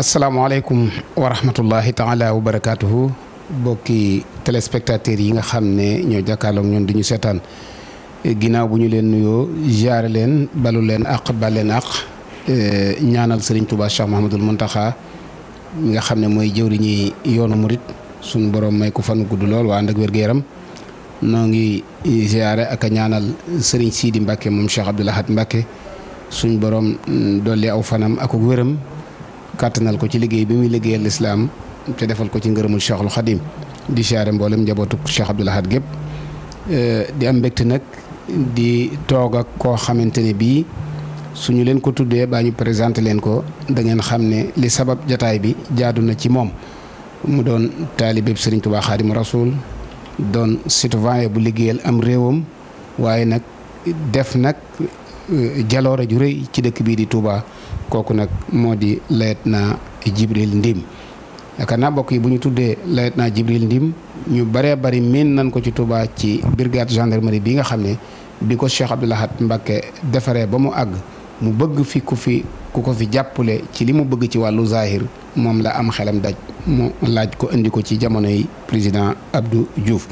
asalaamaaleykum wa rahmatullahi taala wa barakaatuhu bokki téléspectateurs yi nga xam ne ñoo jàkkaarloog ñun di ñu seetaan ginnaaw bu ñu leen nuyoo jaare leen balu leen àq bal leen àq eh, ñaanal sëriñ Touba Cheikh Mahamadul Muntaxa mi nga xam ne mooy jëwriñi yoonu murit suñu borom may ko fan gudd lool waa ànd ak wér yaram noo ngi eh, ziare ak a ñaanal sëriñ siidi Mbacke moom Cheikh Abdoul Ahad Mbacke suñ boroom mm, dolli aw fanam ak wéram kàttanal ko ci liggéey bi muy liggéeyal lislaam te defal ko ci ngërëmul Cheikhul Xadim di siyaare mboolem njabootu Cheikh Abdoul Ahad gépp eh, di am mbégte nag di toog ak koo xamante ne bii su ñu leen ko tuddee baa ñu présenté leen ko da ngeen xam ne li sabab jataay bi jaadu na ci moom mu doon taalibeb Sëriñ Tuubaa Xaadimu Rasuul doon citoyen bu liggéeyal am réewam waaye nag def nag Euh, jaloore ju rëy ci dëkk bii di Touba kooku nag moo di lieutenant Djibril Ndim yaakaar naa mbokk yi bu ñu tuddee naa Djibril Ndim ñu baree bari miin nañ ko ci Touba ci brigade gendarmerie bi nga xam ne bi ko Cheikh Abdou Lahad Mbacké defaree ba mu àgg mu bëgg fi ku fi ku ko fi jàppale ci li mu bëgg ci wàllu zahir moom la am xelam daj mu laaj ko indi ko ci jamono yi président Abdou Diouf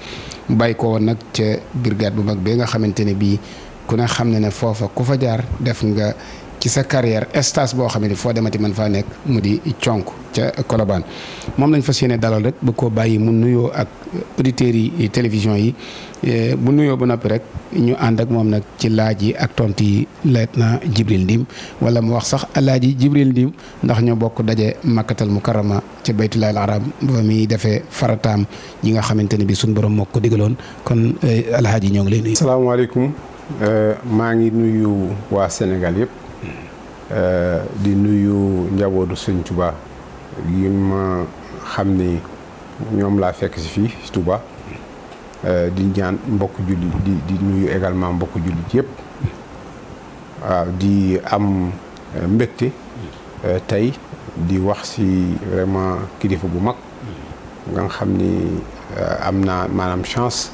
mu bàyyi ko woon nag ca brigade bu mag bi nga xamante ne bii. ku ne xam ne ne foofa ku fa jaar def nga ci sa carrière stage boo xam ne foo demati man faa nekk mu di conk ca Colobane moom lañ fa yéene dalal rek bu ko bàyyi mu nuyoo ak auditeurs yi télévision yi eh, bu nuyoo ba noppi rek ñu ànd ak moom nag ci laaj yi ak tont yi na Djibril Ndim wala mu wax sax yi Djibril Ndim ndax ñoo bokk daje makkatal mukarrama ca baytullahi al-haram ba defee farataam yi nga xamante ne bi suñu borom moo ko digaloon kon eh, alaaji ñoo ngi lay nuyu. salaamaaleykum. Euh, maa ngi nuyu waa Sénégal yëpp euh, di nuyu njabootu sëñ Touba yi ma xam ni ñoom laa fekk si fii si Touba euh, di ñaan mbokk jullit di di nuyu également mbokk jullit yëpp waaw di am mbégte tey di wax si vraiment kilifa bu mag nga xam ni am naa maanaam chance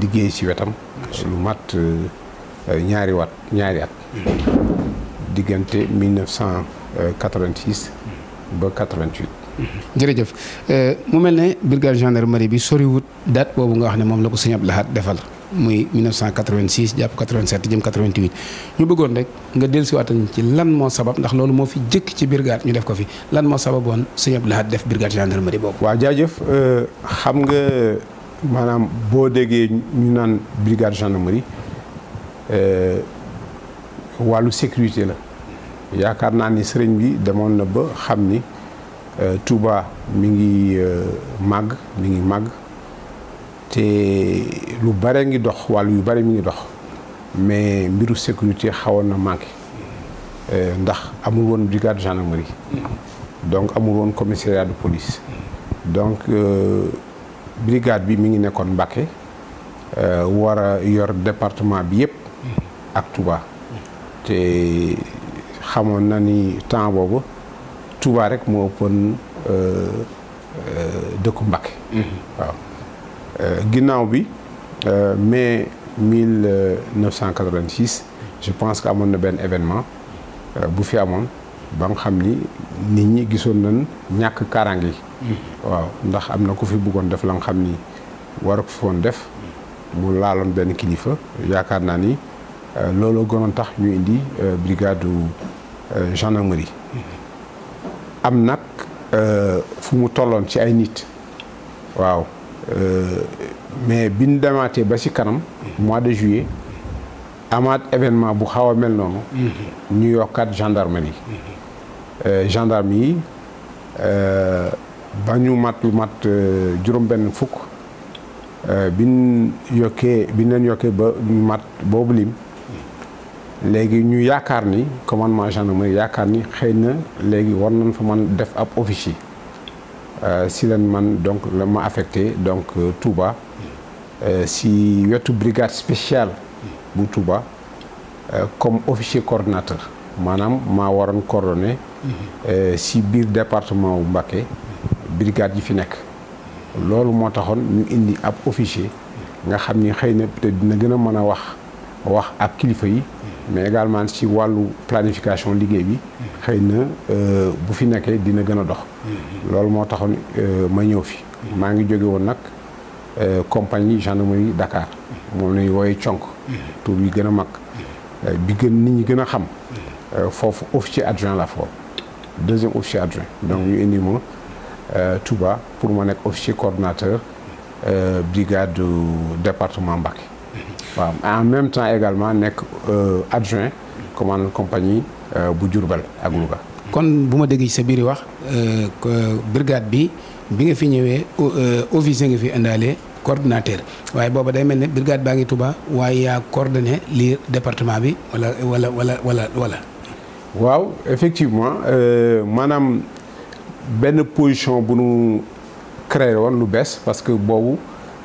liggéey si wetam. lu mat euh, ñaari wat ñaari at diggante 1986 ba 88. jërëjëf euh, mu mel ne brigade gendarmerie bi soriwut date boobu nga wax ne moom la ko sëñ Abdou defal muy 1986 jàpp 87 jëm 88 ñu bëggoon rek nga dellusiwaatañ ci lan moo sabab ndax loolu moo fi jëkk ci brigade ñu def ko fi lan moo sababoon sëñ Abdou Lahad def brigade gendarmerie boobu. waaw jaajëf euh, xam nga. maanaam boo déggee ñu naan brigade gendarmerie euh, wàllu sécurité la yaakaar naa ni sëriñ bi demoon na ba xam ni euh, Touba mi ngi euh, màgg mi ngi màgg te lu bare ngi dox wàllu yu bare mi ngi dox mais mbiru sécurité xawoon na manqué ndax amul woon brigade gendarmerie donc amul woon commissariat de police donc. Euh, brigade bi mi ngi nekkoon Mbacké euh, war yor département bi yëpp ak Touba te xamoon na ni temps boobu Touba rek moo ëppoon euh, euh, dëkku Mbacké mhm. waaw ginnaaw bi mai 1986 je pense que amoon na benn événement bu fi amoon ba nga xam ni nit ñi gisoon nañ ñàkk kaaraange yi waaw ndax am na ku fi buggoon def la nga xam ni war ko foon def mu laaloon benn kilifa yaakaar naa ni euh, looloo gënoon tax ñu indi euh, brigade euh, gendarmerie am nag fu mu tolloon ci ay nit waaw mais bi ñu demaatee ba ci kanam mois de juillet amaat événement bu xaw a mel noonu mm-hmm. ñu yokkaat gendarmerie mm-hmm. gendarme ba ñu mat lu mat euh, juróom-benn fukk euh, biñ yokkee biñ leen yokkee ba mat boobu lim léegi ñu yaakaar ni commandement gendarmerie yaakaar ni xëy na léegi war nañ fa man def ab officier euh, si leen man donc la ma affecté donc Touba si wetu brigade spéciale bu Touba comme officier coordonnateur maanaam maa waroon coordonné mhm. si biir département wu Mbacké brigade yi fi nekk loolu moo taxoon ñu indi ab officier nga xam ni xëy na te dina gën a mën a wax wax ak kilifa yi mais également ci wàllu planification liggéey bi xëy na euh, bu fi nekkee dina gën a dox loolu moo taxoon euh, ma ñëw fi maa ngi jóge woon nag euh, compagnie gendarmerie dakaar moom lañuy wooye conk tur yi gën a mag bi gën nit ñi gën a xam foofu officier adjoint la foofu deuxième officier adjoint donc ñu indi ma Euh, Touba pour ma nekk officier coordonnateur euh, brigade du département Mbacké waaw en même temps également nekk euh, adjoint commandant compagnie bu jurubal ak Louga. kon bu ma déggee sa biir i wax brigade bi bi nga fi ñëwee officier nga fi indaale coordinateur waaye booba day mel ni brigade baa ngi Touba waaye yaa coordonné lii département bi wala wala wala wala wala. waaw effectivement maanaam. benn position bu nu créé woon lu bees parce que boobu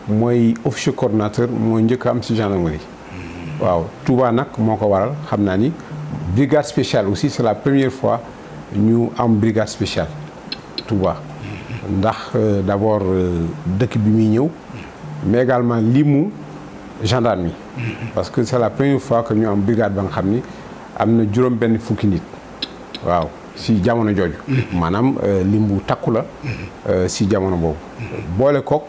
mooy officier coordonnateur moo njëkk am si gendarmerie. Hmm. waaw Touba nag moo ko waral xam naa ni. brigade spéciale aussi c'est la première fois ñu am brigade spéciale Touba. Hmm. ndax euh, d'abord euh, dëkk bi muy ñëw. mais également lii mu gendarme yi. Hmm. parce que c'est la première fois que ñu am brigade ba nga xam ni am na juróom benn fukki nit waaw. si jamono jooju. maanaam euh, lim bu takku la. Euh, si jamono boobu. boole kook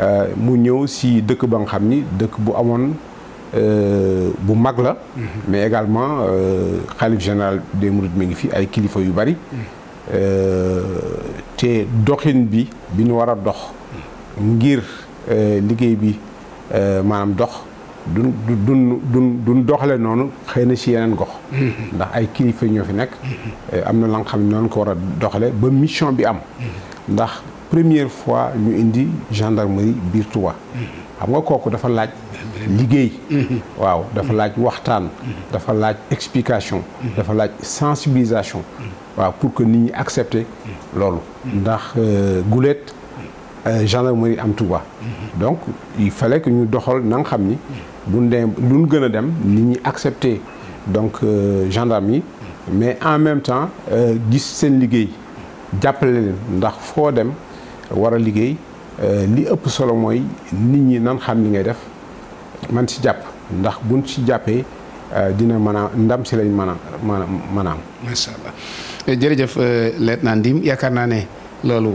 euh, mu ñëw si dëkk ba nga xam ni dëkk bu amoon bu mag la. mais également xalif général des Mourides mi ngi fi ay kilifa yu bari. te doxin bi bi ñu war a dox. ngir liggéey bi maanaam dox. du du du duñ doxale noonu xëy na si yeneen gox. ndax ay kilifa ñoo fi nekk. Eh, am na lan nga xam ne noonu ko war a doxale ba mission bi am. ndax première fois ñu indi gendarmerie biir Touba. xam nga kooku dafa laaj liggéey. waaw dafa laaj waxtaan. dafa laaj explication. dafa laaj sensibilisation. waaw pour que nit ñi accepter loolu. ndax euh, guleet. Euh, gendarmerie am Touba. donc il fallait ñu doxal na xam ni. bu dem luñ gën a dem nit ñi accepté donc euh, gendarme yi. mais en même temps euh, gis seen liggéey jàppale leen ndax foo dem war a liggéey li ëpp solo mooy nit ñi nan xam li ngay def man ci jàpp ndax buñ ci jàppee dina mën a ndam si lañ mën a mën a mën a am. macha allah jërëjëf Lieutenant yaakaar naa ne loolu.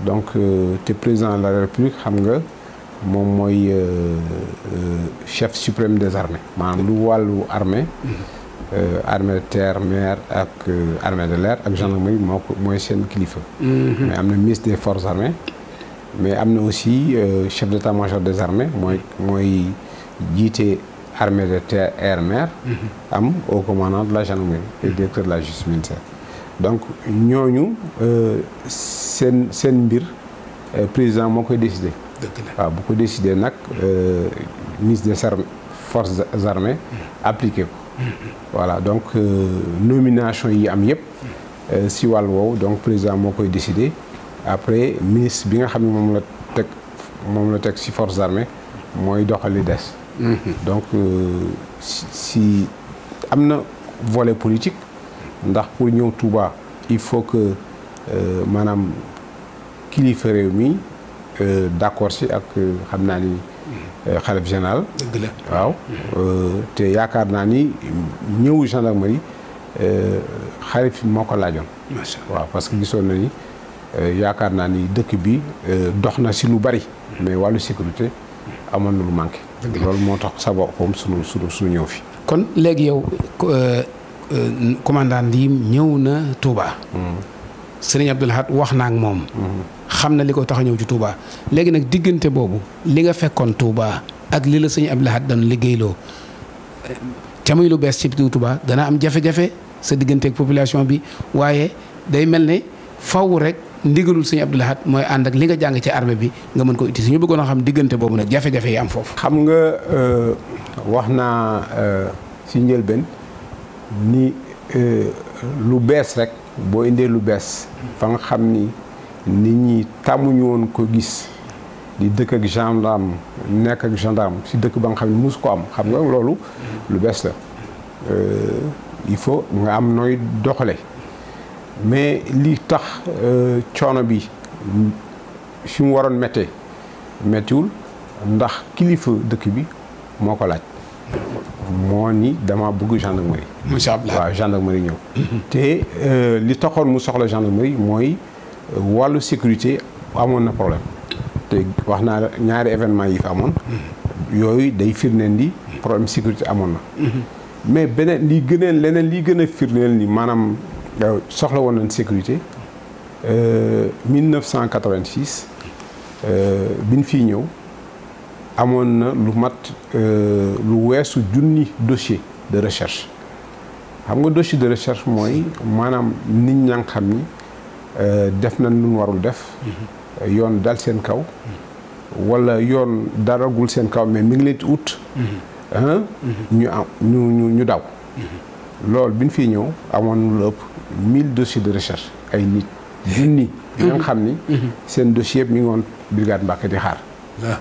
donc euh, te président de la république xam nga moom mooy euh, euh, chef suprême des armées maanaam lu wàllu armée mhm. armée de terre mer ak armée de l'air ak gendarmerie mooy seen kilifa mhm. mais am na ministre des forces armées mais am na aussi chef d'état-major des armées mooy mooy jiite armée de terre air mer mhm. am au commandant de la gendarmerie e directeur de la justice militaire donc ñooñu euh, seen seen mbir euh, président moo koy décidé. waaw bu ko décidé nag euh, ministre des armées force armées mmh. appliqué ko. Mmh, mmh. voilà donc nomination yi am yëpp. si wàll woow donc président moo koy décidé après ministre bi nga xam ne moom la teg moom la teg si forces armées mooy doxali des. donc si am na volet politique. ndax pour ñëw Touba il faut que euh, maanaam kilifa réew mi euh, d'accord si ak euh, xam naa ni xalif général dëgg la waaw te yaakaar naa ni ñëwu gendarmerie xalif moo ko laajoon waaw parce que gisoon na ni yaakaar naa ni dëkk bi dox na si lu bari mais wàllu sécurité amoon na lu manqué loolu moo tax sabab koom sunu sunu suñu ñëw fi kon léegi yow Euh, commandant yi ñëw na Touba. Hmm. sëriñ Abdoul Ahad wax na ak moom. Hmm. xam na li ko tax ñëw ci Touba léegi nag diggante boobu li nga fekkoon Touba ak li la sëriñ Abdoul Ahad doon liggéeyloo ca muy lu bees ci Touba dana am jafe-jafe sa digganteeg population bi waaye day mel ne faw rek ndigalul sëriñ Abdoul Ahad mooy ànd ak li nga jàng ci arme bi nga mën ko si ñu bëggoon a xam diggante boobu nag jafe-jafe yi am foofu. xam nga euh, wax naa euh, si njëlbeen. ni euh, lu bees rek boo indee lu bees fa nga xam ni nit ñi tàmmuñu woon ko gis di dëkk ak gendarme nekk ak gendarme si dëkk ba nga xam ne mus ko am xam nga loolu lu bees la euh, il faut nga am nooy doxale mais li tax euh, coono bi fi mu waroon méttee méttiwul ndax kilifa dëkk bi moo ko laaj moo ni dama bëgg gendarmerie. monsieur Abdoulaye waaw gendarmerie ñëw. te euh, li taxoon mu soxla gendarmerie mooy euh, wàllu sécurité amoon na problème te wax naa ñaari événement yi fi amoon. yooyu day firndeel di problème sécurité amoon na. mais beneen li gëneen leneen li gën a firndeel ni maanaam euh, soxla woon nañ sécurité 1986 biñ fiy ñëw. amoon na lu mat euh, lu weesu junni dossier de recherche xam nga dossier de recherche mooy maanaam nit ñaa xam ni euh, def nañ lu warul def mm-hmm. yoon dal seen kaw wala yoon daragul seen kaw mais mi ngi leen di ut mm-hmm. Mm-hmm. ñu ñu ñu ñu daw loolu bi ñu fiy ñëw amoon na lu ëpp mille dossiers de recherche ay nit junni ña nga xam ni seen dossier yëpp mi ngi woon brigade Mbacké di xaar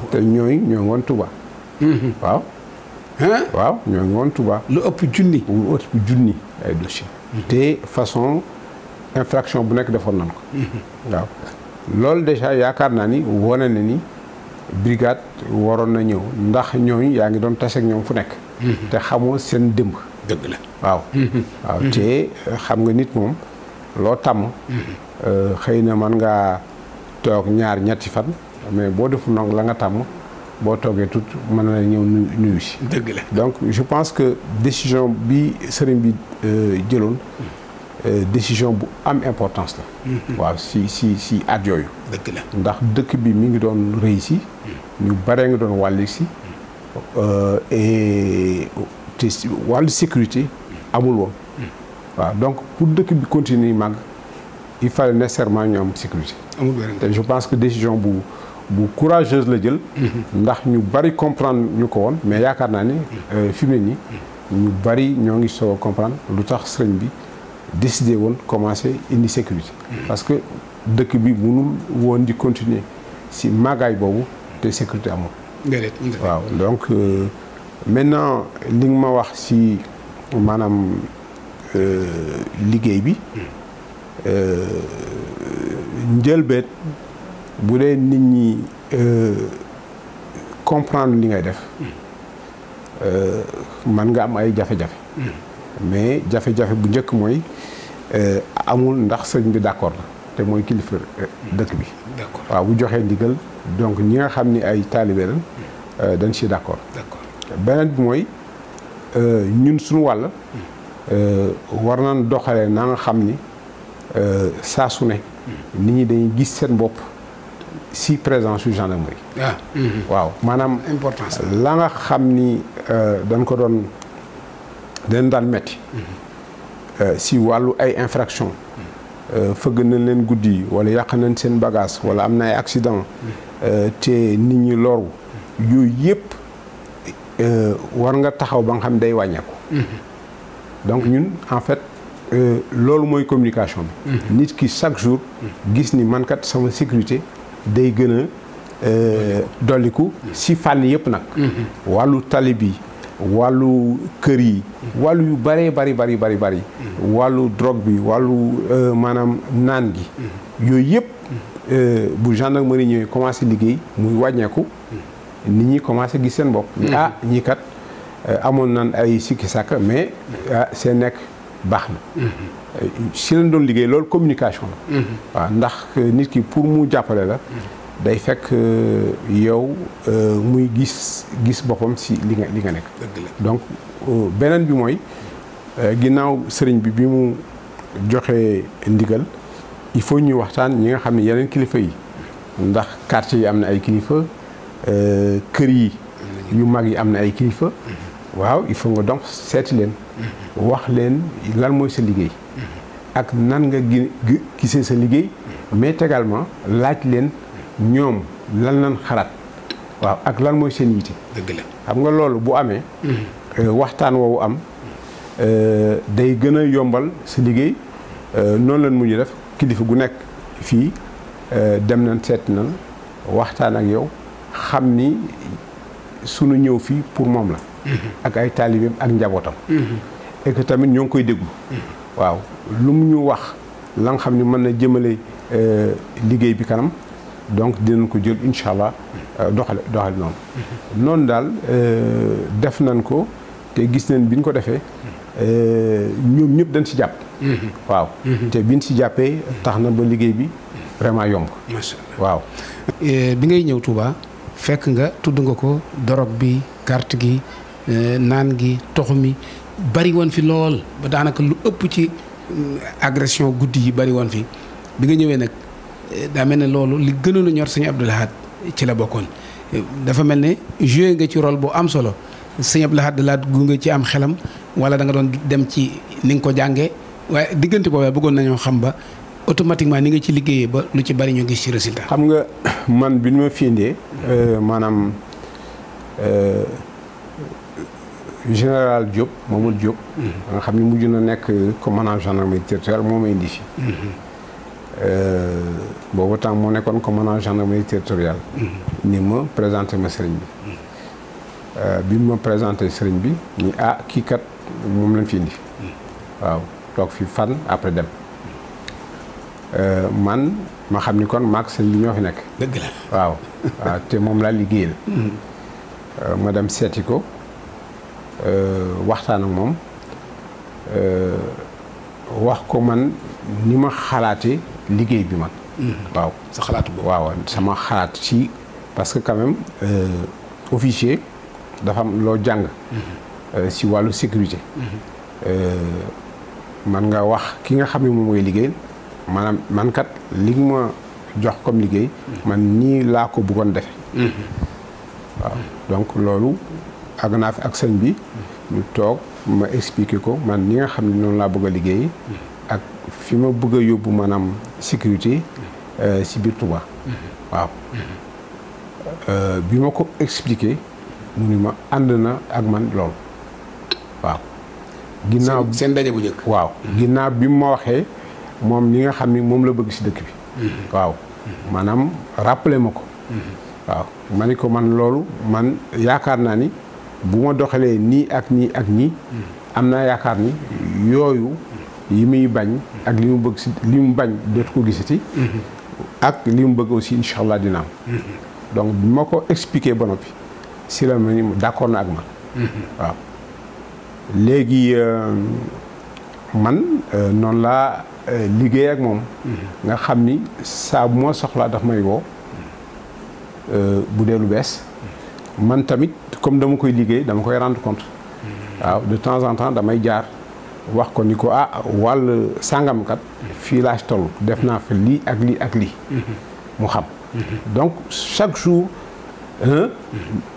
te ñooy ñoo ngoon Touba. Mm-hmm. waaw. waaw ñoo ngoon lu ëpp junni. lu ëpp junni ay dossier mm-hmm. te façon infraction bu nekk defoon nañ ko. Mm-hmm. waaw loolu déjà yaakaar naa ni wone na ni brigade waroon na ñëw ndax ñooñ yaa ngi doon tase ak ñoom fu nekk. te xamoo seen démb. dëgg la waaw. te eh, xam nga nit moom loo tàmm. Eh, xëy na mën ngaa toog ñaar ñetti fan. mais boo defu ndong la nga tàmm boo toogee tout mën na ñëw nuyu si. dëgg la donc je pense que décision bi sëriñ bi euh, jëloon euh, décision bu am importance la. Mhm. waaw si si si at yooyu. dëgg ndax dëkk bi mi ngi doon rëy si. Mhm. ñu baree ngi doon wàlli si. Mhm. Euh, et te wàllu sécurité amul woon. waaw donc pour dëkk bi continuer màgg il fallait nécessairement ñu am sécurité. amul te je pense que décision bu. bu courageuse la jël. Mhm. ndax ñu bari comprendre ñu ko woon mais yaakaar naa ni mhm. euh, fi ne nii ñu bari ñoo ngi soo a comprendre lu tax sëriñ bi décidé woon commencé indi sécurité. Mhm. parce que dëkk bi mënul woon di continuer si màggaay boobu te sécurité amul. waaw donc euh, maintenant li nga ma wax si maanaam euh, liggéey bi euh, njëlbeet. bu dee nit ñi euh, comprendre ni ngay def euh, man nga am ay jafe-jafe mais jafe-jafe bu njëkk mooy euh, amul ndax sëñ bi d'accord la te mooy kilifa dëkk bi waaw bu joxee ndigal donc ñi nga xam ni ay taalibe la dañ ci d'accord beneen bi mooy ñun suñu wàll war nañ doxalee na nga xam ni saa su ne nit ñi dañuy gis seen bopp si présent su gendarmerie. Ah, mm-hmm. Mm-hmm. waaw maanaam. importance la nga xam ni euh, dañ ko doon dañ daan metti mm-hmm. euh, si wàllu ay infraction euh, fëgg nañ leen guddi wala yàq nañ seen bagage wala am na ay accident te nit ñi loru yooyu yëpp war nga taxaw ba nga xam day wàññeeku. donc ñun en fait loolu mooy communication bi. nit ki chaque jour gis ni man kat sama sécurité. day gën a euh, dolliku si fànn yëpp nag mm-hmm. wàllu tali bi wàllu kër yi wàllu yu bëree bari bari bari bari mm-hmm. wàllu drogue bi wàllu euh, maanaam naan gi mm-hmm. yooyu yëpp euh, bu gendarmerie ñëwee commencé liggéey muy wàññeeku nit ñi commencé gis seen bopp ni ah ñii kat amoon naan ay sikki sàkk mais ah seen nekk baax na si lañ doon liggéey loolu communication la. Mhm. waaw ndax nit ki pour mu jàppale la. Mhm. day fekk euh, yow euh, muy gis gis boppam si li nga li nga nekk. donc euh, beneen bi mooy ginnaaw sëriñ bi bi mu joxe ndigal il faut ñuy waxtaan ñi nga xam ne yeneen kilifa yi ndax quartier yi am na ay kilifa kër yi yu mag yi am na ay kilifa mhm. waaw il faut nga donc seeti leen wax leen lan mooy sa liggéey. ak nan nga gisee sa liggéey mais également laaj leen ñoom lan lan xalaat waaw ak lan mooy seen yite xam nga loolu bu amee mm-hmm. euh, waxtaan woowu am euh, day gën a yombal sa liggéey euh, noonu lan mu def kilifa gu nekk fii dem nañ seet na waxtaan ak yow xam ni sunu ñëw fii pour moom la mm-hmm. ak ay taalibeem ak njabootam mm-hmm. et tamit ñoo ngi koy déglu waaw lu mu ñu wax la nga xam ne mën na jëmale euh, liggéey bi kanam donc dinañ ko jël incha allah euh, doxale doxale noonu. noonu daal euh, def nañ ko te gis nañ bi ñu ko defee ñoom ñëpp dañ si jàpp. waaw te biñ si jàppee tax na ba liggéey bi vraiment yomb. waaw. bi ngay ñëw Touba fekk nga tudd nga ko dorog bi carte gi naan gi tox mi. bari woon fi lool ba daanaka lu ëpp ci mm, agression guddi yi bari woon fi bi nga ñëwee nag eh, daa mel ne loolu li gënoon ñor sëñ Abdou Lahad ci la bokkoon dafa mel ne joué nga ci rôle boo am solo sëñ Abdou Lahad dalaa gunge ci am xelam wala da nga doon dem ci ni nga ko jàngee waaye diggante boobee bëggoon nañoo xam ba automatiquement ni nga ci liggéeyee ba lu ci bari ñu gis ci résultat. xam nga man bi ñu ma euh, maanaam. Euh, général Diop Mamadou Diop. Mm-hmm. nga xam ne mujj na nekk commandant gendarmerie territoriale moo ma indi fi. Mm-hmm. Euh, boobu temps moo nekkoon commandant gendarmerie territoriale. Mm-hmm. ni ma présenté ma sëriñ bi. Euh, bi ma présenté sëriñ bi ni ah kii kat moom lañ fi indi. waaw toog fi fan après dem. Euh, man ma xam ni kon maak sëriñ bi ñoo fi nekk. dëgg waaw. waaw te moom laa liggéeyal. ma dem seeti ko. Euh, waxtaan ak moom euh, wax ko man ni ma xalaate liggéey bi man mm-hmm. waaw sa xalaat boobu waaw sama xalaat si parce que quand même euh, officier dafa am loo jàng si mm-hmm. wàllu sécurité mm-hmm. man nga wax ki nga xam ne moom mooy liggéey maanaam mankat li ma jox comme liggéey man nii laa ko bëggoon defe waaw donc loolu àgg naa fi ak sëñ bi ñu toog ma expliqué ko man ñi nga xam ne noonu laa bëgg a liggéey ak fi ma bëgg a yóbbu maanaam sécurité euh, si biir Touba waaw euh, bi ma ko expliqué mu ni ma ànd na ak man lool waaw ginnaaw seen daje bu njëkk waaw ginnaaw bi ma waxee moom li nga xam ni moom la bëgg si dëkk bi waaw maanaam rappelé ma ko mm-hmm. waaw ma ko man loolu man yaakaar naa ni bu ma doxalee nii ak nii ak nii am naa yaakaar ni yooyu yi muy bañ ak li mu bëgg si li mu bañ dootu ko gisati ak li mu bëgg aussi incha allah dina am donc bi ma ko expliquer ba si la ma ni d'accord na ak man waaw léegi euh, man euh, noonu laa euh, liggéey ak moom nga xam ni saa ma soxlaa daf may woo bu dee lu bees man tamit comme dama koy liggéey dama koy rendre compte waaw de temps en temps damay jaar wax ko ni ko ah wall sàngamkat fii laa ci toll def naa fa lii ak lii ak lii mu xam donc chaque jour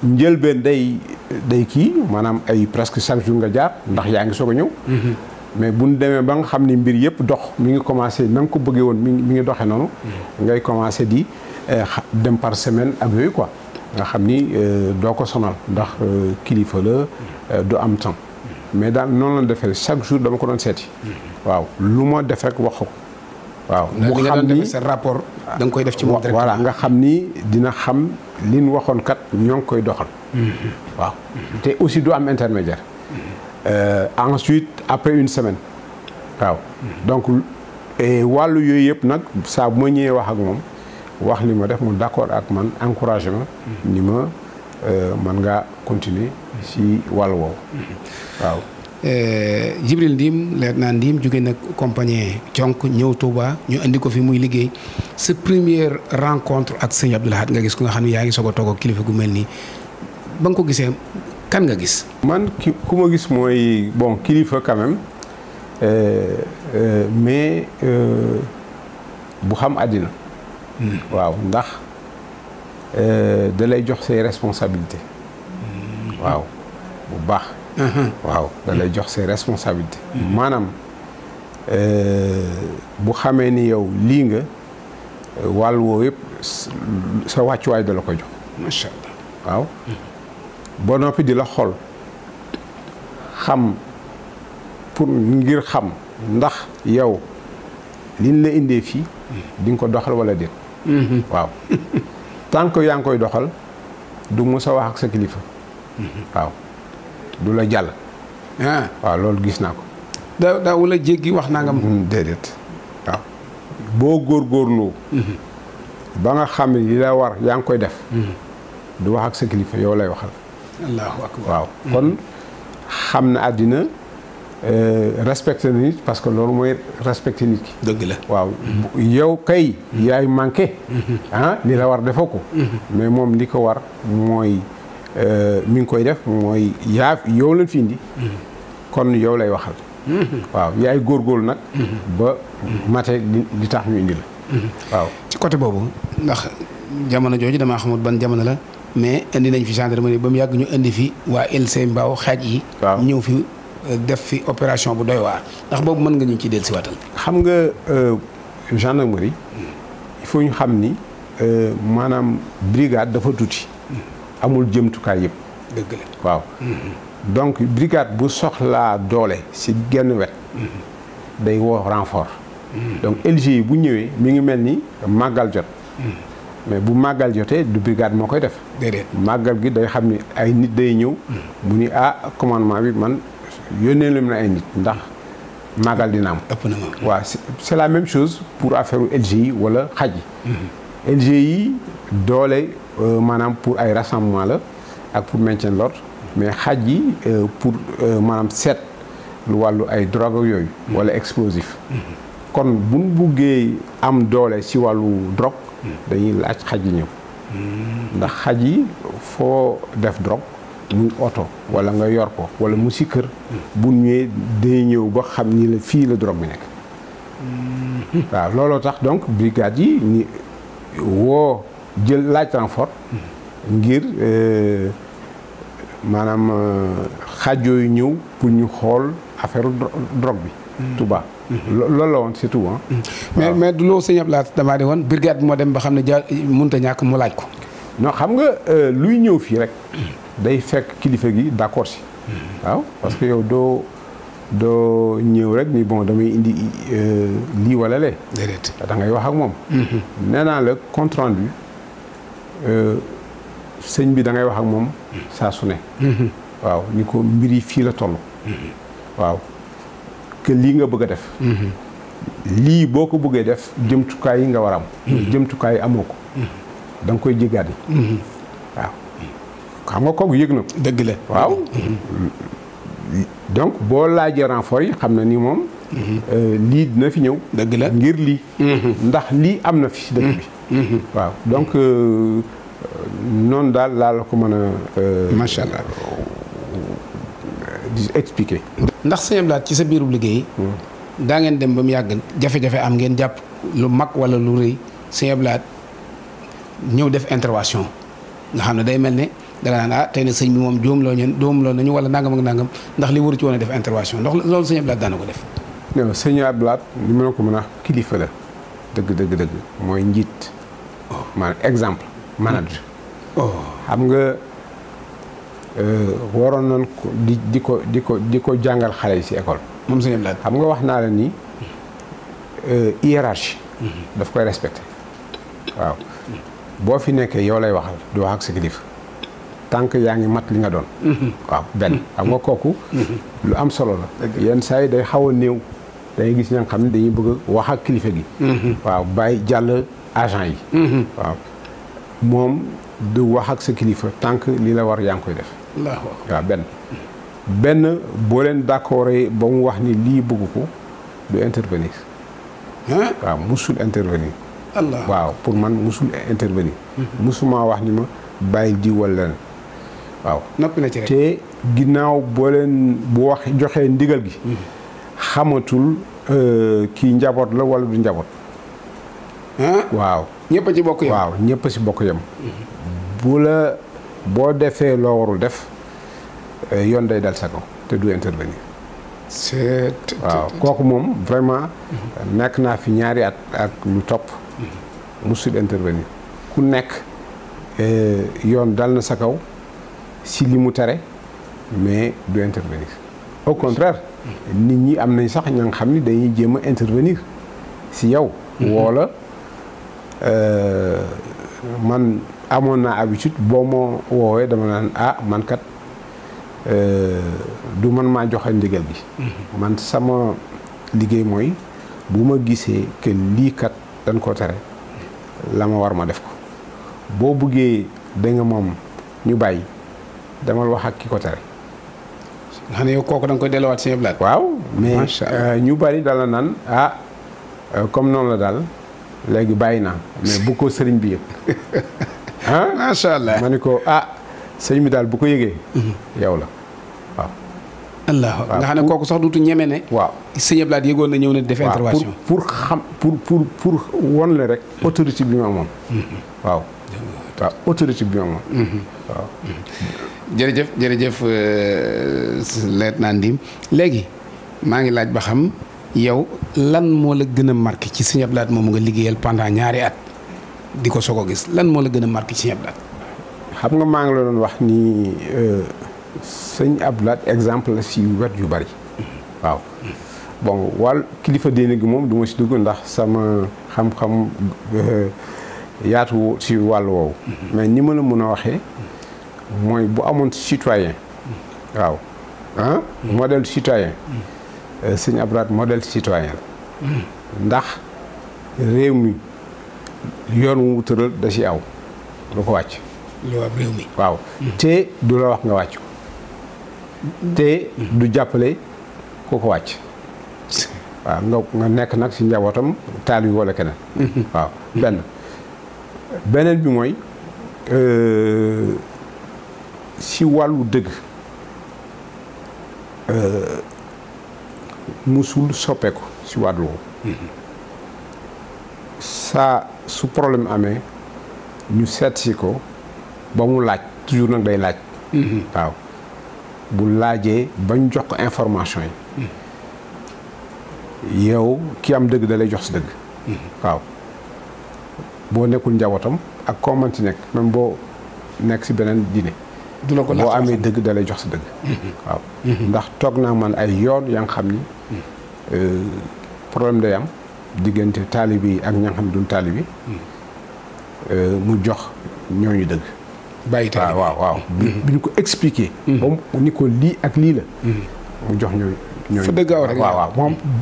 njëlbeen day day kii maanaam ay presque chaque jour nga jaar ndax yaa ngi soo a ñëw mais bu ñu demee ba nga xam ni mbir yëpp dox mi ngi commencé na nga ko bëggee woon mi ngi doxee noonu ngay commencé di eh, dem par semaine ak yooyu quoi nga xam ni euh, doo ko sonal ndax euh, kilifa la euh, du am temps mais daal noonu la defee chaque jour dama ko doon seeti. waaw lu ma def rek wax ko. waaw mu xam ni sa rapport da nga koy def ci moom voilà nga xam ni dina xam li ñu waxoon kat ñoo ngi koy doxal. waaw te aussi du am intermédiaire. ensuite après une semaine. waaw donc wàllu yooyu yëpp nag saa bu ñëwee wax ak moom. wax li ma def mu d'accord ak man encouragé ma ni ma euh, man nga continuer si wàll woowu waaw Djibril euh, Ndim lieutenant Ndim jóge nag compagnie conk ñëw Touba ñu indi ko fi muy liggéey sa première rencontre ak sëñ Abdou Lahad nga gis ku nga xam ne yaa ngi soog a toog ak kilifa gu mel nii ba nga ko gisee kan nga gis man ki ku ma gis mooy bon kilifa quand même euh, bu xam àddina waaw ndax euh, da lay jox say responsabilité waaw bu baax uh-huh. waaw dalay jox say responsabilité uh-huh. maanaam euh, bu xamee ni yow lii nga wàll woo yëpp sa wàccuwaay dala ko jox macha waaw ba noppi di la xool xam pour ngir xam ndax yow liñ la indee fii uh-huh. di nga ko doxal walla déet waaw tant yaa ngi koy doxal du mës a wax ak sa kilifa. waaw du la jàll. Ah. waaw loolu gis naa ko. daa daa wala jéggi wax naa nga. Mm-hmm. déedéet waaw boo góorgóorloo. Mm-hmm. ba nga xam ne li la war yaa ngi koy def. Mm-hmm. du wax ak sa kilifa yow lay waxal. allahu waaw kon xam na àddina. Euh, respecté na nit parce que loolu mooy respecté nit ki. dëgg la waaw yow kay. yaay manqué. ah la war defoo ko. mais moom li ko war mooy euh, mi ngi koy def mooy yaa yow lañ fi indi. kon yow lay waxal. waaw yaay góor nag. ba mate li tax ñu indi la. waaw ci côté boobu ndax jamono jooju damaa xamul ban jamono la mais indi nañ fi ma gendarmerie ba mu yàgg ñu indi fi waa LCM Mbao xaaj yi. waaw ñëw fi. def fi opération bu doy waa ndax boobu mën nga ñu ci dellusiwaatal. xam nga euh, gendarmerie il faut ñu xam ni euh, maanaam brigade dafa tuuti. amul jëmtukaay yëpp. dëgg waaw. Mm-hmm. donc brigade bu soxlaa doole si genn wet. Mm-hmm. day woo renfort. Mm-hmm. donc LG yi bu ñëwee mi ngi mel ni màggal jot. mais bu màggal jotee du brigade moo koy def. déedéet màggal gi day xam ni ay nit day ñëw. mu ni ah commandement bi man. yónnee lu mu na ay nit ndax màggal dina am. ëpp na ma waaw c' est la même chose pour affaire LGI wala xaj yi. Mm-hmm. LGI doole euh, maanaam pour ay rassemblement la ak pour maintien de mais xaj yi euh, pour euh, maanaam seet lu wàllu ay drogue yooyu. Mm-hmm. wala explosif. Mm-hmm. kon bu ñu buggee am doole si wàllu drogue. dañuy laaj xaj yi ñëw. ndax xaj yi foo def drogue. muy oto wala nga yor ko wala mu si kër bu ñëwee day ñëw ba xam ni la fii la drogue bi nekk mm-hmm. waaw looloo tax donc brigade yi ni woo jël laaj renfort ngir euh, maanaam euh, xaajoo yu ñëw pour ñu xool affaire drogue bi mm-hmm. Touba mm-hmm. loolu la woon surtout ah mais mais du loo sëñ Ablaye damaa di woon brigade bi moo dem ba xam ne ja mënut ñàkk mu laaj ko non xam nga euh, luy ñëw fii rek day fekk kilifa gi d'accord si. waaw parce que yow doo doo ñëw rek ni bon damay indi euh, lii wala lee. déedéet wax ak moom. Mhm. nee naa la compte rendu euh, sëñ bi dangay wax ak moom saa su ne. Mhm. waaw ni ko mbir yi fii la toll. Mhm. waaw que lii nga bëgg a def. lii boo ko bëggee def jëmtukaay yi nga war am. jëmtukaay yi amoo ko. da nga koy jéggaani. waaw. xam nga kooku yëg na ko. dëgg la waaw. donc boo laajee renfort yi xam na ni moom. Euh, lii dina fi ñëw. dëgg la ngir lii. Mhm. ndax lii am na fi si bi. Mhm. Mhm. waaw donc euh, noonu daal laal la ko mën a. Euh, macha allah. di expliquer. ndax sëñ Abdou ci sa biirub liggéey. Hmm. daa ngeen dem ba mu yàgg jafe am ngeen jàpp lu mag wala lu rëy ñëw def intervention nga xam ne day mel ne. danaa ah tey ne sëñ bi moom jóom loo ñun loo nañu wala nangam ak nangam ndax li waru ci woon a def intervention ndax loolu sëñ Abdoulaye daana ko def non sëñ Abdoulaye li ma ko mën a kilifa la dëgg dëgg dëgg mooy njiit oh. maanaam exemple manager oh. Oh. xam nga euh, waroon nañ di ko di ko di ko jàngal xale yi si école moom sëñ Abdoulaye xam nga wax naa la nii euh, hiérarchie mm-hmm. daf koy respecté waaw boo fi nekkee yow lay waxal du wax ak sa kilifa tànk yaa ngi mat li nga doon mhm. waaw benn mhm. xam nga kooku mhm. lu am solo la yenn saa yi day xaw a néew dañuy gis ña xam ne dañuy bëgg wax ak kilifa gi waaw bàyyi jàll agent yi waaw moom du wax ak sa kilifa tànk lii la war yaa ngi koy def waaw benn benn boo leen ba mu wax ni lii bëgg ko du intervenir waaw musul intervenir waaw pour man musul intervenir musuma wax ni ma bàyyi di wala leneen waaw noppi na ci te ginnaaw boo leen bu wax joxee ndigal gi. Mm-hmm. xamatul euh, kii njaboot la wala du njaboot. waaw ah. ñëpp ci bokk yem waaw ñëpp a ci bokk yem. Mm-hmm. bu la boo defee loo warul def euh, yoon day dal sa kaw te du intervenir. c'est waaw kooku moom vraiment. Mm-hmm. nekk naa fi ñaari at ak lu topp. musul intervenir ku nekk euh, yoon dal na sa kaw. si li mu tare mais du intervenir au contraire nit ñi am nañ sax ña nga xam ni dañuy jéem a intervenir si yow mhm. woola euh, man amoon naa habitude boo ma woowee dama naan ah man kat euh, du man maa joxe ndigal bi mhm. man sama liggéey mooy bu ma gisee que lii kat dañ koo tere la ma war ma def ko boo buggee da moom ñu bàyyi damal wax ak ki ko tere. nga xam ne yow kooku danga nga koy delluwaat seen blaat. waaw mais euh, ñu bari dala naan ah euh, comme noonu la daal léegi bàyyi naa mais bu ko sëriñ bi yëg. ah macha allah ma ne ko ah sëriñ bi daal bu ko yëgee. Mhm. yow la waaw. allah nga xam ne kooku sax duutu ñeme ne. waaw sëñ blaat yëgoon na ñëw na def intervention. pour xam pour pour pour won rek mhm. autorité bi mu amoon. Mhm. waaw. waaw autorité bi mu amoon. waaw. jërëjëf jërëjëf euh, lieutenant Ndim léegi maa ngi laaj ba xam yow lan moo la gën a marqué ci Sëñ Abdou Lahad moom nga liggéeyal pendant ñaari at di ko soog a gis lan moo la gën a marqué ci Sëñ xam nga maa ngi la doon wax ni euh, Sëñ Abdou Lahad exemple la si wet yu bari waaw bon wàll kilifa diine gi moom du ma si dugg ndax sama xam-xam euh, yaatu si wàll woow mm-hmm. mais ni ma la mun a waxee mooy bu amoon citoyen waaw ah modèle citoyen euh, sëñ Abdoulaye modèle citoyen la ndax réew mi yoon wu da si aw lu ko wàcc réew te du la wax nga wàcc te du jàppale ku ko wàcc waaw nga nekk nag ci njabootam taal yu walla keneen mm-hmm. waaw benn beneen bi mooy euh, si wàllu dëgg euh, musul soppeeku ci wàllu woowu saa su problème amee ñu seetsi ko ba mu laaj toujours nag day laaj waaw bu laajee bañ jox ko information yi yow ki am dëgg da lay jox si dëgg waaw boo nekkul njabootam ak koo mënti nekk même boo nekk ci beneen diine du la boo amee dëgg da jox sa dëgg. waaw ndax toog naa man ay yoon ya xam ni euh, problème day am diggante taalibi yi ak ña nga xam ne duñ taalibi euh, mu jox ñooñu dëgg. bàyyi taalibi waaw ko expliqué. moom mm-hmm. ak lii la. Mm-hmm. mu jox ñooñu. ñooñu fa dëgg aw rek waaw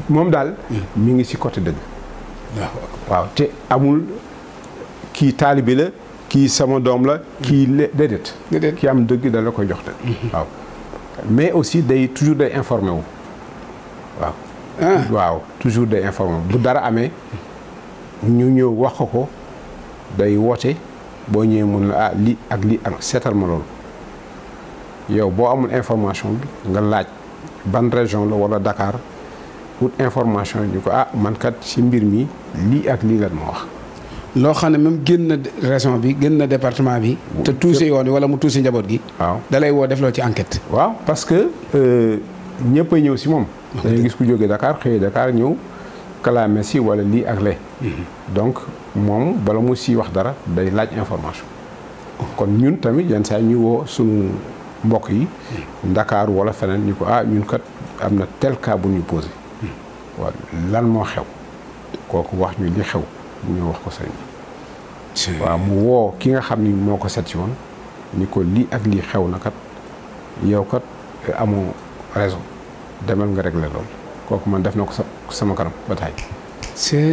moom daal. Mm-hmm. mi ngi si côté dëgg. waaw te amul kii taalibi la. kii sama doom la kii déedéet kii am dëgg da la koy jox de waaw mais aussi day toujours day informé wu waaw ah. waaw toujours day informé bu dara amee ñu ñëw wax ko day woote boo ñëwee mun la ah lii ak lii ak seetal ma loolu yow boo amul information bi nga laaj ban région la wala dakaar pour information ñu ko ah man kat ci mbir mi lii ak lii lan ma wax loo xam ne même génn na région bi génn na département bi. te tuuse yoon yi wala mu tuuse njaboot gi. waaw dalay lay woo defloo ci enquête. waaw parce que euh, ñëpp a ñëw si moom. dañuy gis ku jógee Dakar xëyee Dakar ñëw kalaame si wala lii ak lee. Mm-hmm. donc moom bala mu si wax dara day laaj information. kon ñun tamit yenn saa ñu woo suñu mbokk yi. Mm-hmm. Dakar wala feneen ñu ko ah ñun kat am na tel cas bu ñu posé. Mm-hmm. waaw lan moo xew kooku wax ñu li xew. mu ñëw wax ko sëriñ bi waaw mu woo ki nga xam ni moo ko set si woon ni ko lii ak lii xew na kat yow kat amu raison demel nga régler loolu kooku man def na ko sama kanam ba taay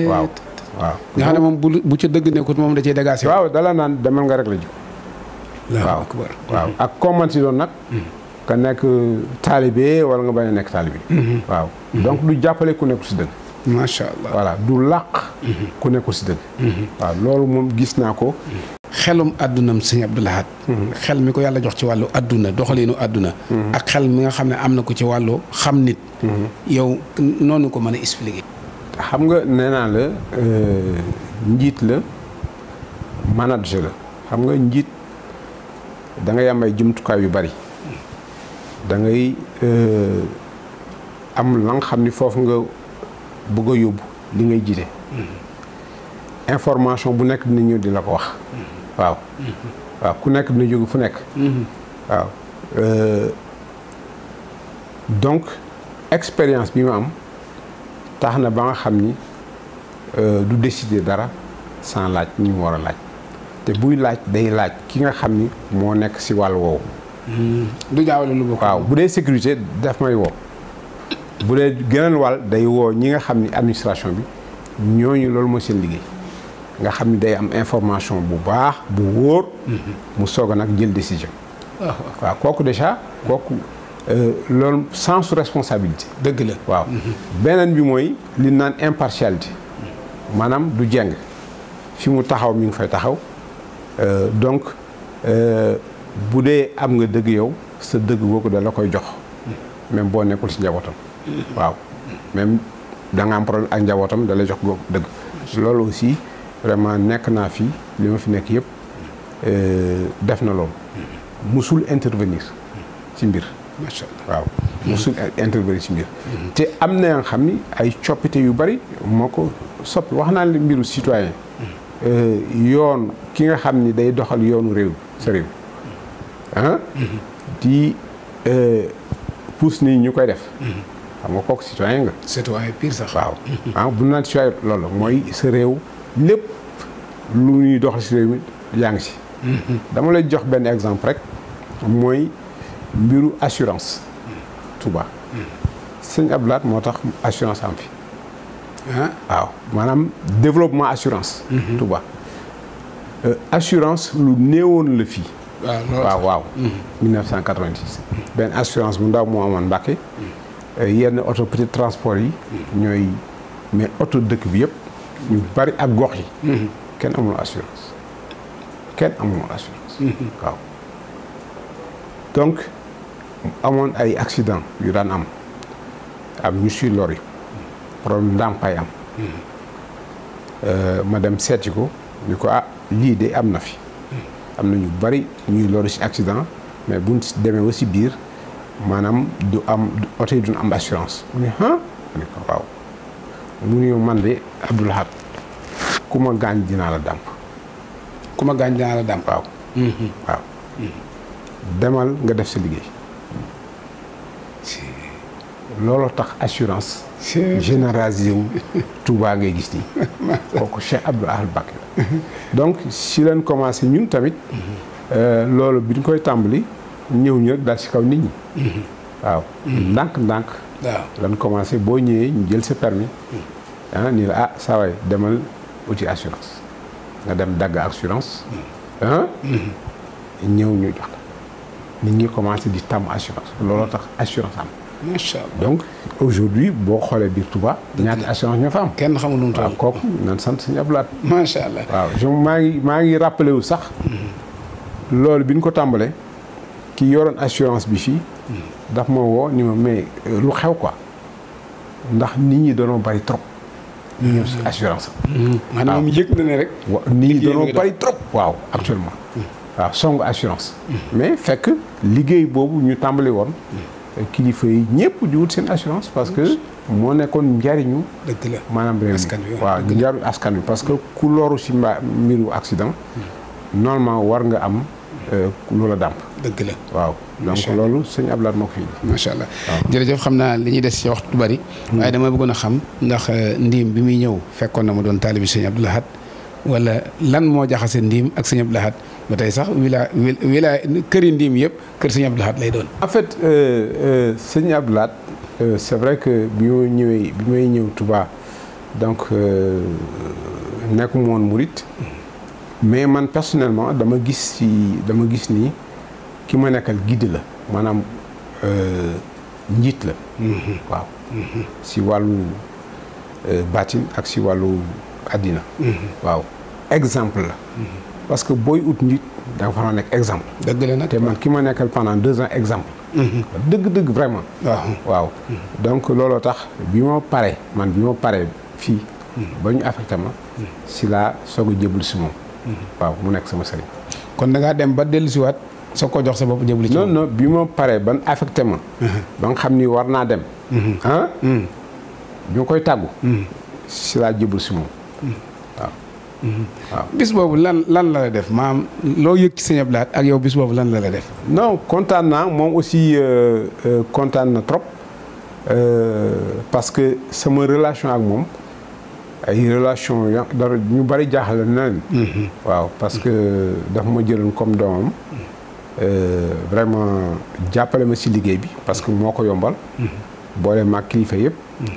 waaw waaw ne moom bu ca dëgg nekkut moom da cee dégagé waaw dala naan demel nga rek ji waaw waaw mm-hmm. ak comment si doon nag nga mm-hmm. nekk taalibe wala nga bañ nekk taalibe mm-hmm. waaw donc du jàppale ku si dëgg macha allah voilà du làq. ku nekku si dëgg. waaw loolu moom gis naa ko. xelum àddunam sëñ Abdou Lahad xel mi ko yàlla jox ci wàllu àdduna doxaliinu àdduna ak xel mi nga xam ne am na ko ci wàllu xam nit yow noonu ko mën a expliquer xam nga nee naa la euh, njiit la manager la xam nga njiit da ngay am ay jumtukaay yu bari da euh, am la xam ni foofu nga bëgg yóbbu li ngay jiite. information bu nekk dina ñëw di la ko wax. waaw waaw ku nekk dina jóge fu nekk. waaw euh, donc expérience bi ma am tax na ba nga xam ni euh, du décider dara san laaj ñi mu war a laaj te buy laaj day laaj ki nga xam ni moo nekk si wàll woowu. Mm-hmm. du lu bokk waaw bu dee sécurité daf may woo. bu dee geneen wàll day woo ñi nga xam ni administration bi ñooñu loolu mooy seen liggéey nga xam ni day am information bu baax bu wóor mm-hmm. mu soog a nag jël décision ah, ah. waaw kooku déjà kooku euh, loolu sensu responsabilité dëgg la waaw mm-hmm. beneen bi mooy li naan impartialité maanaam du jeng fi mu taxaw mi ngi fay taxaw euh, donc euh, bu dee am nga dëgg yow sa dëgg boobu da la koy jox mais mm. boo nekkul si njabootam waaw même da nga am problème ak njabootam da jox góob dëgg. loolu aussi vraiment nekk naa fi li ma fi nekk yëpp euh, def na loolu. musul intervenir ci mbir. waaw musul intervenir ci te am na nga xam ni ay coppite yu bari moo ko soppi wax naa ne mbiru citoyen euh, yoon ki nga xam ni day doxal yoonu réew sa réew. ah. Mm-hmm. di euh, nii ñu koy def. Mm-hmm. xam nga kooku citoyen nga. citoyen pire waaw ah, bu ñu naan citoyen loolu mooy sa réew lépp lu ñuy doxal si réew mi yaa ngi si. Mhm. dama lay jox benn exemple rek mooy mbiru assurance. Touba. Mhm. sëñ Abdoulaye moo tax assurance am fi. Ah. maanaam développement assurance. Mhm. Touba euh, assurance lu néewoon la fii. waaw waaw. 1986. benn assurance bu ndaw moo amoon Mbàkke. yenn oto petit transport yi ñooy mais oto dëkk bi yëpp ñu bari ak gox yi mhm. kenn amul assurance kenn amul assurance mhm. waaw donc amoon ay accident yu daan am am ñu si lori problème ndàmpaay am mhm. euh, ma dem seeti ko ñu ko ah lii de am na fi am na ñu bari ñuy lori si accident mais buñ demee ba si biir maanaam du am oto yi duñ am assurance mu ne ah ma ne ko mu ne man de Abdou Lahad ku ma gaañ dinaa la dàmp ku ma gaañ dinaa la dàmp waaw mm-hmm. Mm-hmm. demal nga def sa liggéey looloo tax assurance généralisé wu Touba ngay gis nii kooku Cheikh Abdou Lahad Mbacké la donc si leen commencé ñun tamit mm-hmm. euh, loolu bi ñu koy tàmbali ñëw ñu rek daal si kaw nit ñi. Mm-hmm. waaw ndànk ndànk. lan commencé boo ñëwee ñu jël sa permis mm-hmm. ah nii la ah saa demal uti assurance nga dem dagg assurance. Mm-hmm. ah. ñëw ñu jox nit ñi commencé di tàmm assurance looloo tax assurance am. macha allah donc aujourd'hui boo xoolee biir Touba. ñaata assurance ñoo fa am. kenn xamul nu mu toll kooku nan sant suñu ablaat. macha allah waaw je maa ngi maa ngi rappelé wu sax. loolu bi ñu ko tàmbalee. ki yoroon assurance bi fii daf ma woo ni ma mais euh, lu xew ko ndax nit ñi danoo bari trop ñu assurance mm-hmm. ah. maanaam yëg na ne rek waaw nit ñi danoo bari trop waaw mm-hmm. actuellement mm-hmm. waaw song assurance mais fekk liggéey boobu ñu tàmbali woon kilifa yi ñëpp di wut seen assurance parce que moo nekkoon njariñu dëgg la maanaam réew mi waaw njariñu askan wi parce que ku looru si mbiru accident normalement war nga am Euh, loola dàmp. dëgg la waaw. donc loolu sëñ ablaat moo ko fi. macha allah jërëjëf xam naa li ñuy des ci waxtu bari. Hmm. waaye dama bëggoon a xam ndax euh, ndiim bi muy ñëw fekkoon na mu doon taalibi sëñ Abdou Lahad wala lan moo jaxase ndiim ak sëñ Abdou Lahad ba tey sax wila wila këri ndiim yëpp kër sëñ Abdou Lahad lay doon. en fait euh, sëñ Abdou Lahad c'est vrai que bi ma ñëwee bi may ñëw Touba donc nekk woon Murit. mais man personnellement dama gis si dama gis nii ki ma nekkal guide la maanaam euh, njiit la. Mm-hmm. waaw mm-hmm. si wàllu euh, baatin ak si wàllu àddina. Mm-hmm. waaw exemple la. parce que booy ut njiit da nga fa nekk exemple. dëgg la nag te man ki ma nekkal pendant deux ans exemple. dëgg-dëgg vraiment. Ah. waaw donc looloo tax bi ma paree man bi ma paree fii. ba ñu affecté ma. si laa soog a jébal si moom. waaw mu nekk sama sëriñ. kon da dem ba dellusiwaat soo ko jox sa bopp jëblu ci non non bi ma paree ban affecté ma. ba nga xam ni war naa dem. ah. bi ma koy tàggu. si laa jëblu si moom. waaw bis boobu lan lan la def maam loo yëg ci Sëñ Abdou ak yow bis boobu lan la la def. non kontaan naa moom aussi euh, euh, kontaan na trop euh, parce que sama relation ak moom. ay relation ya dara ñu bari jaaxle na leen mhm. waaw parce que daf ma jëloon comme doomam euh, vraiment jàppale ma si liggéey bi parce que moo ko yombal mhm. boole ma kilifa yëpp mhm.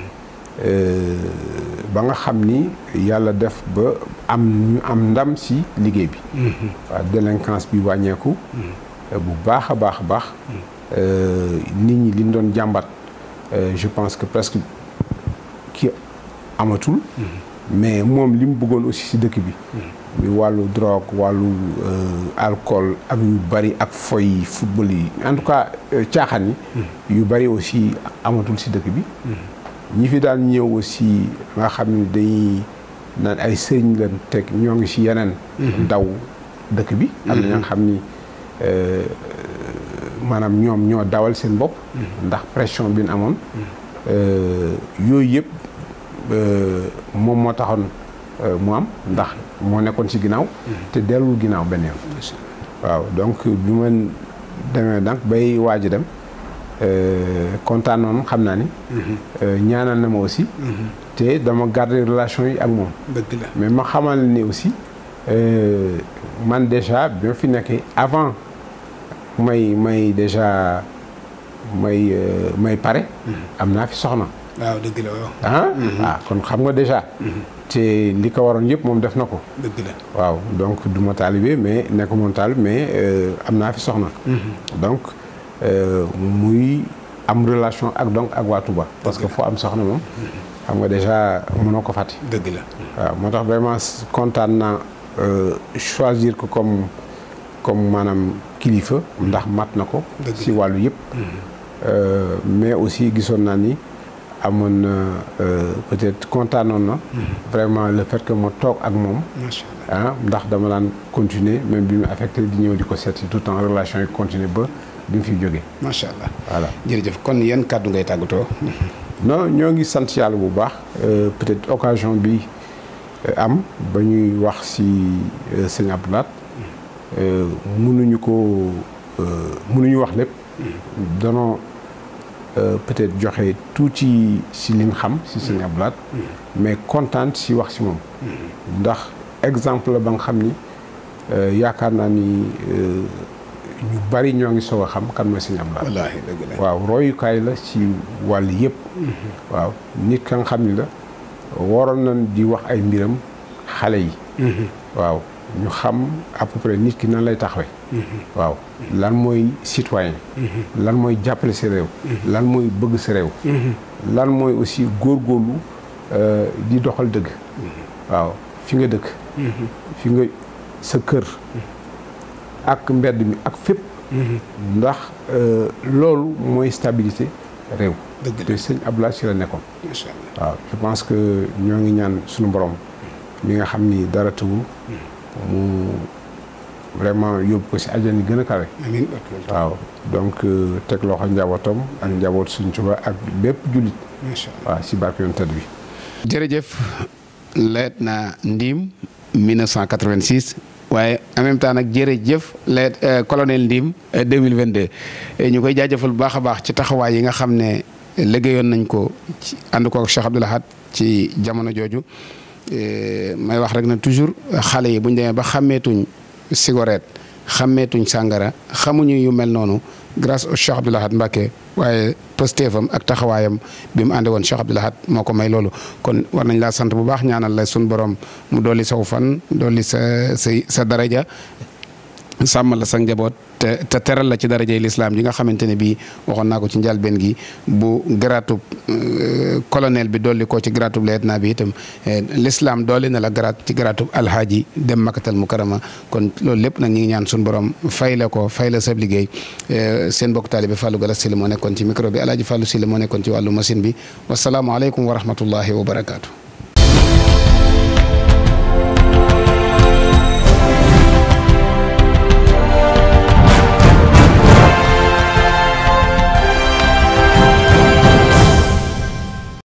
euh, ba nga xam ni yàlla def ba am ñu am ndam si liggéey bi waaw délinquance bi wàññeeku bu baax a baax a baax euh, nit ñi li ñu doon jàmbat je pense que presque ki amatul. mais moom li mu bëggoon aussi si dëkk bi. muy wàllu drogue wàllu euh, alcool ak yu bari ak foy yi football yi en tout cas euh, caaxaan yi. yu bari aussi amatul si dëkk bi. ñi fi daan ñëw aussi nga xam ne dañuy naan ay sëriñ lañ teg ñoo ngi si yeneen. daw dëkk bi. am na nga xam ni euh, maanaam ñoom ñoo dawal seen bopp. ndax pression bi ñu amoon. yooyu yëpp. Euh, moom moo taxoon euh, mu am ndax moo nekkoon ci ginnaaw. Mhm. te delluwul ginnaaw benn waaw donc bi ma demee donc bay waaj a dem euh, kontaan noonu xam naa ni. Mhm. ñaanal na ma aussi. Mhm. te dama garder relation yi ak moom. mais ma xamal ni aussi man déjà bi ma fi nekkee avant may may déjà may may pare. am naa fi soxna. waaw dégg la waaw. Ah? Mhm. ah kon xam nga déjà. te mhm. li ko waroon yëpp moom def na ko. dégg la waaw donc du ma taalibe mais nekku moon taalib mais euh, am naa fi soxna. Mhm. donc euh, muy am relation ak donc ak waa parce que foo am soxna moom. xam nga déjà mënoo ko fàtte. dégg la waaw moo tax vraiment kontaan naa euh, choisir ko comme comme maanaam kilifa. ndax mat na ko. si wàllu yëpp. mais aussi gisoon naa ni. amoon na euh, peut-être kontaanoon na. Mhm. vraiment le fait que ma toog ak moom. ah ndax dama daan continuer même bi mu affecte di ñëw di ko seet tout temps relation yi continuer ba bi mu fi jógee. macha allah voilà jërëjëf kon yan kàddu ngay tàggatoo. non ñoo ngi sant yàlla bu baax euh, peut-être occasion bi euh, am ba ñuy wax ci sëñ Abdou Lahat mhm. mënuñu ko mënuñu wax lépp. Mhm. danoo Euh, peut-être joxe tuuti si liñ xam si sëñ Abdou Lahad mm-hmm. mais kontaan si wax si moom mm-hmm. ndax exemple ba nga xam ni euh, yaakaar naa ni euh, ñu bari ñoo ngi soog xam kan mooy sëñ Abdou Lahad waaw royukaay la ci wàll yëpp mm-hmm. waaw nit ka nga xam ni la waroon na di wax ay mbiram xale yi waaw ñu xam à peu nit ki nan lay taxawee. waaw lan mooy citoyen. lan mooy jàppale sa réew. lan mooy bëgg sa réew. lan mooy aussi góorgóorlu euh, di doxal dëgg. waaw fi nga dëkk. fi nga sa kër. ak mbedd mi ak fépp. ndax euh, loolu mooy stabilité réew. te sëñ Abdoulaye si la nekkoon. incha allah waaw je pense que ñoo ngi ñaan suñu borom. mi nga xam ni dara tëwul. mu vraiment yóbbu ko si àjjana yi gën a kawe. waaw donc euh, teg loxo njabootam ak njaboot suñ Tuuba ak bépp jullit. macha allah waaw si barke yoon tëdd bi. jërëjëf leet na Ndim 1986. waaye en même temps nag jërëjëf le euh, colonel Ndim 2022 euh, ñu koy jaajëfal bu baax a baax ci taxawaay yi nga xam ne liggéeyoon nañ ko ànd ko ak ci jamono jooju. Eh, may wax rek na toujours eh, xale yi buñ ñu demee ba xàmmeetuñ cigarette xàmmeetuñ sàngara xamuñu yu mel noonu grace au Cheikh Abdoul Ahad Mbacké waaye pëstéefam ak taxawaayam bi mu ànde woon Cheikh Abdoul Ahad moo ko may loolu kon war nañ laa sant bu baax ñaanal la sun borom mu dolli saw fan dolli sa sa sa daraja sàmmal la sa njaboot te te teral la ci darajey lislaam yi nga xamante ne bii waxoon naa ko ci njalbeen gi bu garaatub euh, colonel bi dolli ko ci garaatub lieutenant bi itam euh, lislaam dolli na la garaat ci garaatub alhaaji dem makkatal mukarama kon loolu lépp na ñi ngi ñaan suñu borom fay la ko fay la sab liggéey euh, seen bokk taalibe Fallou Galass Syll moo ci micro bi alaaji Fallou Syll moo nekkoon ci wàllu machine bi wasalaamualeykum wa rahmatullahi wa barakaatu.